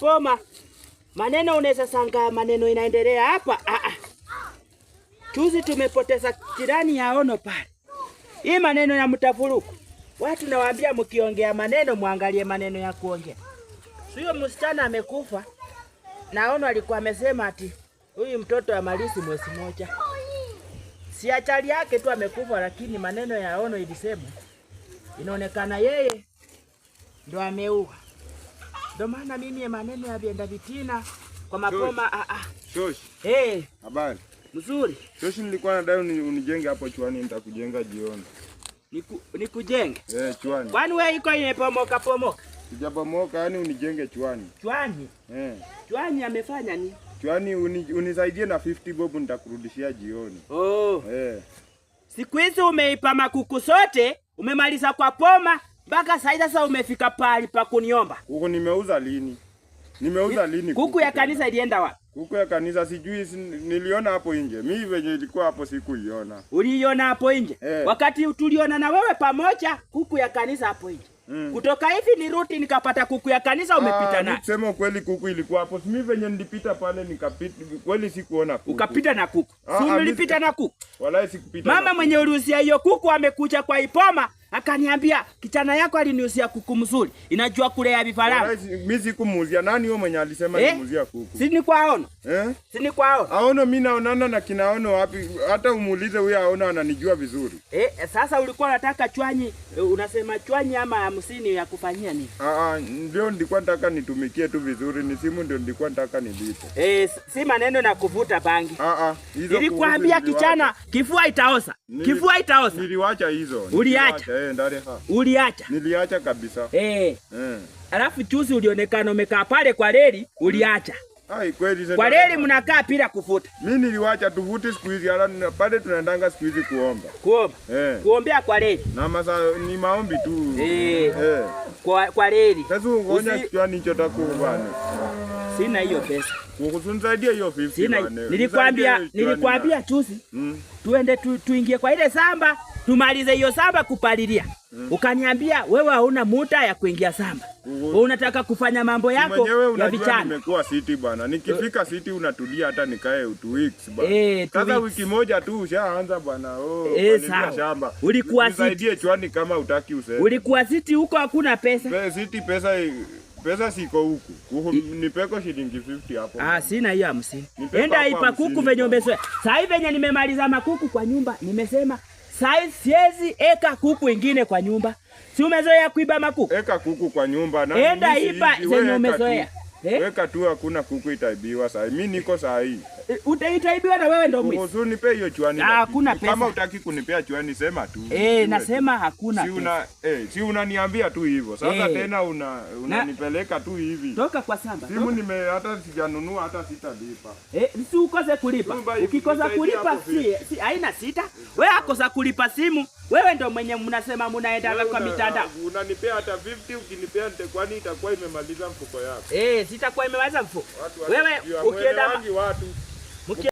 koma. Maneno unaweza sanga maneno inaendelea hapa. Ah, Tuzi ah. tumepoteza jirani ya ono pale. Hii maneno ya mtafuruku. watu nawaambia, mkiongea maneno mwangalie maneno ya kuongea. Sio msichana amekufa na ono alikuwa amesema ati huyu mtoto malisi mwezi moja, si achali yake tu amekufa, lakini maneno ya ono ilisema, inaonekana yeye ndo ameua. Ndio maana mimi maneno ya vienda vitina kwa mapoma a ah, a. Ah. Shoshi. Eh. Habari. Mzuri. Shoshi, nilikuwa nadai unijenge hapo chuani, nitakujenga jioni. Niku, nikujenge? Eh, chuani. Kwani wewe iko imepomoka pomoka? Sijapomoka, yani unijenge chuani. Chuani? Eh. Chuani amefanya nini? Chuani uni, unisaidie na 50 bob nitakurudishia jioni. Oh. Eh. Siku hizi umeipa makuku sote, umemaliza kwa poma, mpaka sai sasa umefika pahali pa kuniomba kuku. Nimeuza lini? Nimeuza lini kuku, kuku ya kanisa ilienda wapi? Kuku ya kanisa sijui, niliona hapo nje. Mimi venye ilikuwa hapo sikuiona. Uliiona hapo nje eh? Wakati tuliona na wewe pamoja kuku ya kanisa hapo nje Mm. Kutoka hivi ni ruti nikapata kuku ya kanisa umepita ah, na. Sema kweli kuku ilikuwa hapo. Mimi venye nilipita pale nikapita kweli sikuona kuku. Ukapita na kuku. Ah, si ah, ulipita na kuku? Wallahi sikupita. Mama mwenye uruhusia hiyo kuku amekuja kwa ipoma Akaniambia kijana yako aliniuzia kuku mzuri, inajua kulea vifaranga. Mimi sikumuuzia nani, huyo mwenye alisema eh? Nimuuzia kuku. Si ni kwaona? eh? Si ni kwaona? Aona mimi naonana na kinaona wapi? Hata umuulize huyo aona ananijua vizuri eh. Sasa ulikuwa unataka chwanyi, unasema chwanyi ama hamsini ya kufanyia nini? Ah, ah, ndio nilikuwa nataka nitumikie tu vizuri, ni simu ndio nilikuwa nataka nilipe eh, si maneno na kuvuta bangi. Ah ah, nilikuambia kijana, kifua itaosa Kifua itaoza. Niliwacha hizo. Uliacha. Eh, ndale ha. Uliacha. Niliacha kabisa. Eh. Eh. Alafu chuzi ulionekana umekaa pale kwa reli, uliacha. Mm. Ai kweli Kwa leli mnakaa bila kuvuta. Mimi niliwacha tuvute siku hizi ala pale tunaendanga siku hizi kuomba. Kuomba. Eh. Kuombea kwa leli. Na masa ni maombi tu. Eh. eh. Kwa kwa leli. Sasa ungonya Usi... kwa nicho takubana. Sina hiyo pesa. Ukutunisaidia hiyo 50. Sina. Nilikwambia nilikwambia juzi. Mm. Tuende tu, tuingie kwa ile samba tumalize hiyo samba kupalilia mm. Ukaniambia wewe hauna muda ya kuingia samba mm. Unataka kufanya mambo yako ya vijana. Nimekuwa city bwana, nikifika city unatulia, hata nikae two weeks bwana eh, sasa wiki moja tu ushaanza bwana. Oh, eh, sawa. shamba ulikuwa city Nisaidie chwani, kama utaki useme ulikuwa city huko, hakuna pesa Pe, city pesa pesa siko huku. Nipeko shilingi 50 hapo. Ah, sina hiyo hamsini. Enda ipa kuku venye umezoea. Sasa hivi venye nimemaliza makuku kwa nyumba nimesema Sai siezi eka kuku wengine kwa nyumba. Si umezoea kuiba makuku? Eka kuku kwa nyumba na enda iba zenye umezoea. Eh? Weka tu hakuna kuku itaibiwa sai. Mimi niko sai. Eh, Utaitaibiwa na wewe ndo mwizi. Ngozi nipe hiyo chwani. Ah, Hakuna pesa. Kama utaki kunipea chwani sema tu. Eh, nasema hakuna. Si una eh, si unaniambia tu hivyo. Sasa eh. tena una unanipeleka tu hivi. Toka kwa samba. Simu nime hata sijanunua hata sitalipa. Eh, si ukose kulipa. Ukikosa kulipa si si haina sita. Wewe akosa kulipa simu. Wewe ndo mwenye mnasema mnaenda kwa mitanda. Unanipea hata 50 ukinipea nitakuwa kwani itakuwa imemaliza mfuko yako. Eh, sitakuwa imemaliza mfuko. Wewe ukienda watu ಮುಖ್ಯ